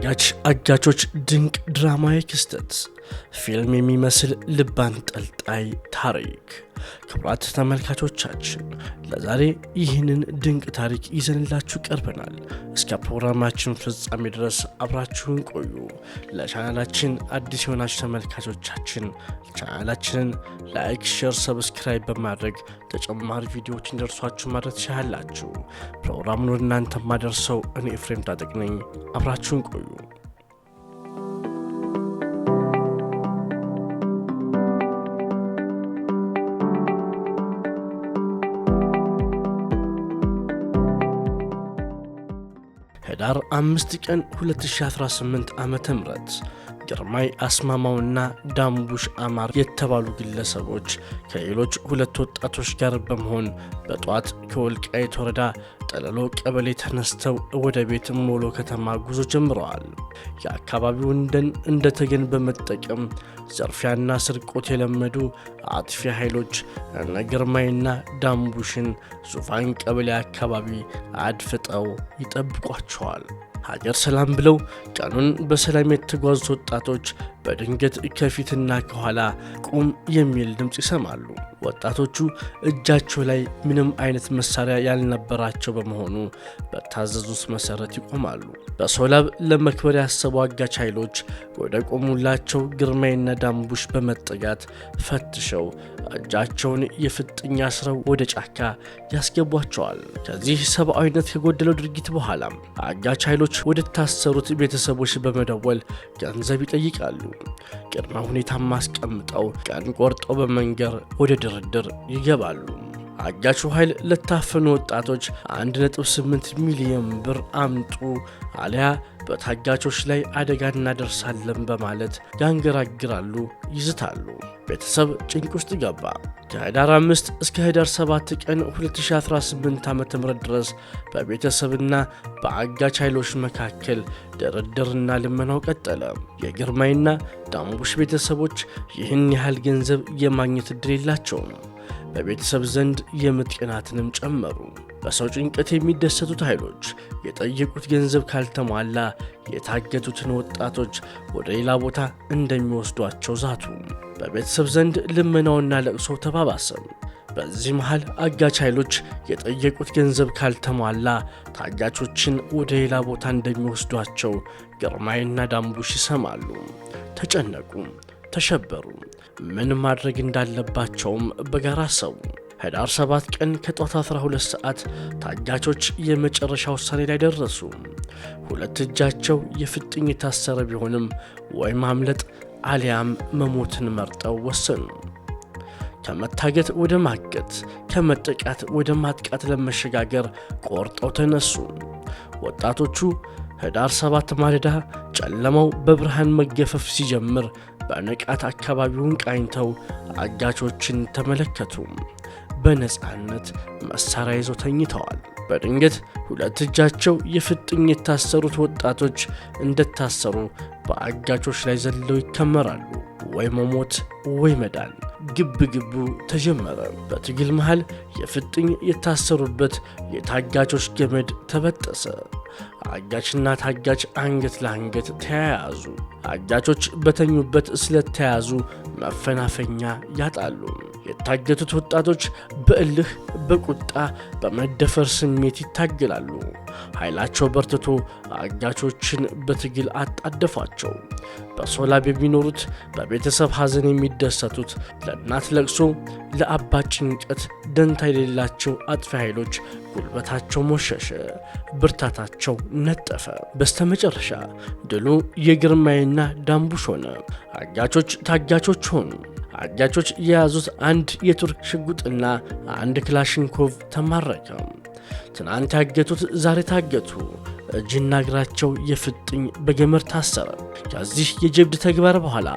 ታጋች አጋቾች ድንቅ ድራማዊ ክስተት፣ ፊልም የሚመስል ልብ አንጠልጣይ ታሪክ ክቡራት ተመልካቾቻችን ለዛሬ ይህንን ድንቅ ታሪክ ይዘንላችሁ ቀርበናል። እስከ ፕሮግራማችን ፍጻሜ ድረስ አብራችሁን ቆዩ። ለቻናላችን አዲስ የሆናችሁ ተመልካቾቻችን ቻናላችንን ላይክ፣ ሼር፣ ሰብስክራይብ በማድረግ ተጨማሪ ቪዲዮዎች እንደርሷችሁ ማድረግ ትችላላችሁ። ፕሮግራሙን ወደ እናንተ ማደርሰው እኔ ኤፍሬም ታጠቅ ነኝ። አብራችሁን ቆዩ። ህዳር 5 ቀን 2018 ዓ ም ግርማይ አስማማውና ዳምቡሽ አማር የተባሉ ግለሰቦች ከሌሎች ሁለት ወጣቶች ጋር በመሆን በጠዋት ከወልቃይት ወረዳ ጠለሎ ቀበሌ ተነስተው ወደ ቤት ሞሎ ከተማ ጉዞ ጀምረዋል። የአካባቢውን ደን እንደ ተገን በመጠቀም ዘርፊያና ስርቆት የለመዱ አጥፊ ኃይሎች እነ ግርማይና ዳምቡሽን ዙፋን ቀበሌ አካባቢ አድፍጠው ይጠብቋቸዋል። ሀገር ሰላም ብለው ቀኑን በሰላም የተጓዙት ወጣቶች በድንገት ከፊትና ከኋላ ቁም የሚል ድምፅ ይሰማሉ። ወጣቶቹ እጃቸው ላይ ምንም አይነት መሳሪያ ያልነበራቸው በመሆኑ በታዘዙት መሰረት ይቆማሉ። በሶላብ ለመክበር ያሰቡ አጋች ኃይሎች ወደ ቆሙላቸው ግርማይና ዳምቡሽ በመጠጋት ፈትሸው እጃቸውን የፍጥኝ አስረው ወደ ጫካ ያስገቧቸዋል። ከዚህ ሰብአዊነት ከጎደለው ድርጊት በኋላም አጋች ኃይሎች ወደ ታሰሩት ቤተሰቦች በመደወል ገንዘብ ይጠይቃሉ። ቅድመ ሁኔታም አስቀምጠው ቀን ቆርጠው በመንገር ወደ ድርድር ይገባሉ። አጋቹ ኃይል ለታፈኑ ወጣቶች 1.8 ሚሊዮን ብር አምጡ አሊያ በታጋቾች ላይ አደጋ እናደርሳለን በማለት ያንገራግራሉ፣ ይዝታሉ። ቤተሰብ ጭንቅ ውስጥ ገባ። ከህዳር 5 እስከ ህዳር 7 ቀን 2018 ዓ ም ድረስ በቤተሰብና በአጋች ኃይሎች መካከል ድርድርና ልመናው ቀጠለ። የግርማይና ዳምቡሽ ቤተሰቦች ይህን ያህል ገንዘብ የማግኘት እድል የላቸውም። በቤተሰብ ዘንድ የምጥ ጨመሩ። በሰው ጭንቀት የሚደሰቱት ኃይሎች የጠየቁት ገንዘብ ካልተሟላ የታገቱትን ወጣቶች ወደ ሌላ ቦታ እንደሚወስዷቸው ዛቱ። በቤተሰብ ዘንድ ልመናውና ለቅሶ ተባባሰም። በዚህ መሃል አጋች ኃይሎች የጠየቁት ገንዘብ ካልተሟላ ታጋቾችን ወደ ሌላ ቦታ እንደሚወስዷቸው ግርማይና ዳምቡሽ ይሰማሉ። ተጨነቁ። ተሸበሩ። ምን ማድረግ እንዳለባቸውም በጋራ ሰው ህዳር 7 ቀን ከጧት 12 ሰዓት ታጋቾች የመጨረሻ ውሳኔ ላይ ደረሱ። ሁለት እጃቸው የፍጥኝ የታሰረ ቢሆንም ወይ ማምለጥ አሊያም መሞትን መርጠው ወሰኑ። ከመታገት ወደ ማገት፣ ከመጠቃት ወደ ማጥቃት ለመሸጋገር ቆርጠው ተነሱ። ወጣቶቹ ህዳር 7 ማለዳ ጨለማው በብርሃን መገፈፍ ሲጀምር በንቃት አካባቢውን ቃኝተው አጋቾችን ተመለከቱ። በነፃነት መሳሪያ ይዘው ተኝተዋል። በድንገት ሁለት እጃቸው የፍጥኝ የታሰሩት ወጣቶች እንደታሰሩ በአጋቾች ላይ ዘለው ይከመራሉ። ወይ መሞት ወይ መዳን። ግብ ግቡ ተጀመረ። በትግል መሃል የፍጥኝ የታሰሩበት የታጋቾች ገመድ ተበጠሰ። አጋችና ታጋች አንገት ለአንገት ተያያዙ። አጋቾች በተኙበት ስለተያዙ መፈናፈኛ ያጣሉ። የታገቱት ወጣቶች በእልህ፣ በቁጣ፣ በመደፈር ስሜት ይታገላሉ። ኃይላቸው በርትቶ አጋቾችን በትግል አጣደፏቸው። በሶላብ የሚኖሩት በቤተሰብ ሐዘን የሚደሰቱት፣ ለእናት ለቅሶ፣ ለአባት ጭንቀት ደንታ የሌላቸው አጥፊ ኃይሎች ጉልበታቸው ሞሸሸ፣ ብርታታቸው ነጠፈ። በስተመጨረሻ ድሉ የግርማይና ዳንቡሽ ሆነ። አጋቾች ታጋቾች ሆኑ። አጃቾች የያዙት አንድ የቱርክ ሽጉጥና አንድ ክላሽንኮቭ ተማረከ። ትናንት ያገቱት ዛሬ ታገቱ። እጅና እግራቸው የፍጥኝ በገመድ ታሰረ። ከዚህ የጀብድ ተግባር በኋላ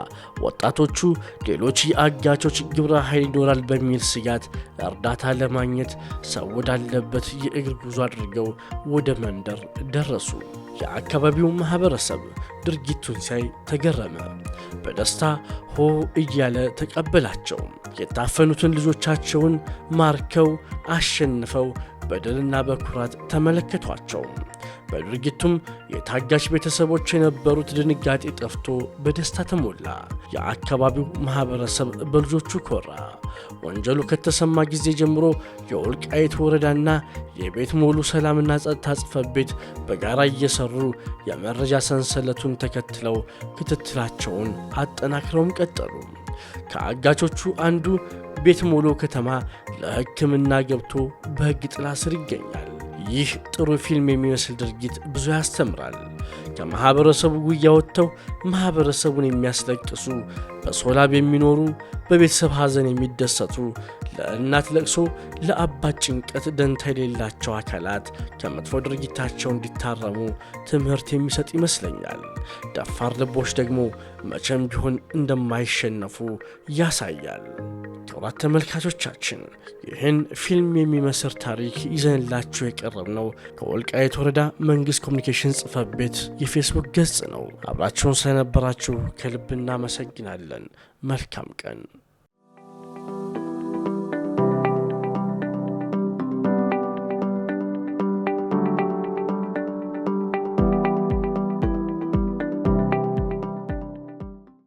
ወጣቶቹ ሌሎች የአጋቾች ግብረ ኃይል ይኖራል በሚል ስጋት እርዳታ ለማግኘት ሰው ወዳለበት የእግር ጉዞ አድርገው ወደ መንደር ደረሱ። የአካባቢው ማህበረሰብ ድርጊቱን ሲያይ ተገረመ። በደስታ ሆ እያለ ተቀበላቸው። የታፈኑትን ልጆቻቸውን ማርከው አሸንፈው በድልና በኩራት ተመለከቷቸው። በድርጊቱም የታጋች ቤተሰቦች የነበሩት ድንጋጤ ጠፍቶ በደስታ ተሞላ። የአካባቢው ማኅበረሰብ በልጆቹ ኮራ። ወንጀሉ ከተሰማ ጊዜ ጀምሮ የወልቃይት ወረዳና የቤት ሙሉ ሰላምና ጸጥታ ጽሕፈት ቤት በጋራ እየሰሩ የመረጃ ሰንሰለቱን ተከትለው ክትትላቸውን አጠናክረውም ቀጠሉ። ከአጋቾቹ አንዱ ቤት ሞሎ ከተማ ለሕክምና ገብቶ በሕግ ጥላ ስር ይገኛል። ይህ ጥሩ ፊልም የሚመስል ድርጊት ብዙ ያስተምራል። ከማኅበረሰቡ ጉያ ወጥተው ማኅበረሰቡን የሚያስለቅሱ በሶላብ የሚኖሩ በቤተሰብ ሐዘን የሚደሰቱ ለእናት ለቅሶ ለአባት ጭንቀት ደንታ የሌላቸው አካላት ከመጥፎ ድርጊታቸው እንዲታረሙ ትምህርት የሚሰጥ ይመስለኛል። ደፋር ልቦች ደግሞ መቼም ቢሆን እንደማይሸነፉ ያሳያል። ክቡራት ተመልካቾቻችን ይህን ፊልም የሚመስር ታሪክ ይዘንላችሁ የቀረብ ነው ከወልቃይት ወረዳ መንግሥት ኮሚኒኬሽን ጽፈት ቤት ዩናይትድ የፌስቡክ ገጽ ነው። አብራችሁን ስለነበራችሁ ከልብ እናመሰግናለን። መልካም ቀን